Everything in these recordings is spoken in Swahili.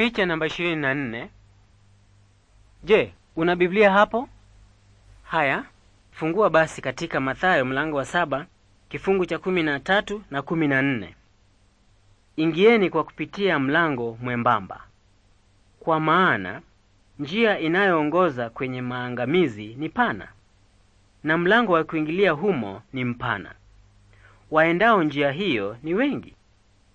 Picha namba 24. Je, una Biblia hapo? Haya, fungua basi katika Mathayo mlango wa saba kifungu cha kumi na tatu na kumi na nne. Ingieni kwa kupitia mlango mwembamba, kwa maana njia inayoongoza kwenye maangamizi ni pana na mlango wa kuingilia humo ni mpana. Waendao njia hiyo ni wengi,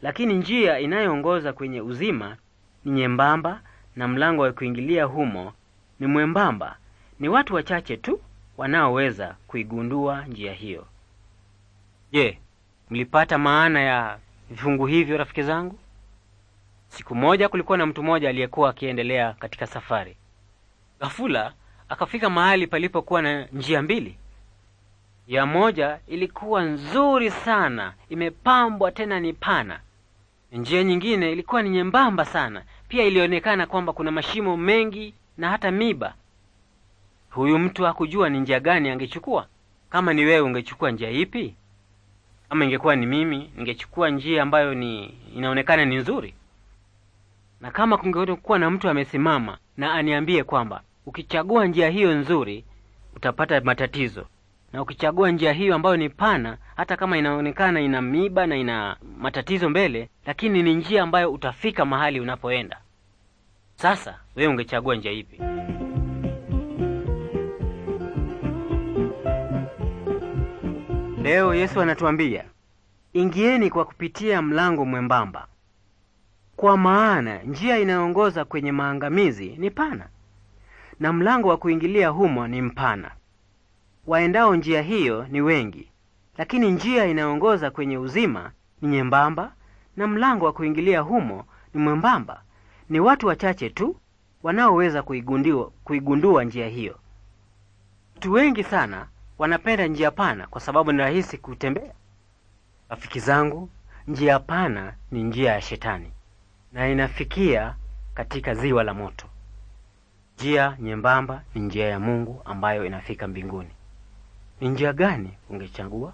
lakini njia inayoongoza kwenye uzima ni nyembamba na mlango wa kuingilia humo ni mwembamba. Ni watu wachache tu wanaoweza kuigundua njia hiyo. Je, mlipata maana ya vifungu hivyo, rafiki zangu? Siku moja kulikuwa na mtu mmoja aliyekuwa akiendelea katika safari. Ghafula akafika mahali palipokuwa na njia mbili. Ya moja ilikuwa nzuri sana, imepambwa tena ni pana. Njia nyingine ilikuwa ni nyembamba sana, pia ilionekana kwamba kuna mashimo mengi na hata miba. Huyu mtu hakujua ni njia gani angechukua. Kama ni wewe, ungechukua njia ipi? Kama ingekuwa ni mimi, ningechukua njia ambayo ni inaonekana ni nzuri, na kama kungekuwa na mtu amesimama na aniambie kwamba ukichagua njia hiyo nzuri utapata matatizo, na ukichagua njia hiyo ambayo ni pana, hata kama inaonekana ina miba na ina matatizo mbele, lakini ni njia ambayo utafika mahali unapoenda. Sasa wewe ungechagua njia ipi? Leo Yesu anatuambia ingieni kwa kupitia mlango mwembamba, kwa maana njia inayoongoza kwenye maangamizi ni pana na mlango wa kuingilia humo ni mpana. Waendao njia hiyo ni wengi, lakini njia inayoongoza kwenye uzima ni nyembamba, na mlango wa kuingilia humo ni mwembamba. Ni watu wachache tu wanaoweza kuigundua njia hiyo. Watu wengi sana wanapenda njia pana kwa sababu ni rahisi kutembea. Rafiki zangu, njia pana ni njia ya Shetani na inafikia katika ziwa la moto. Njia nyembamba ni njia ya Mungu ambayo inafika mbinguni. Ni njia gani ungechagua?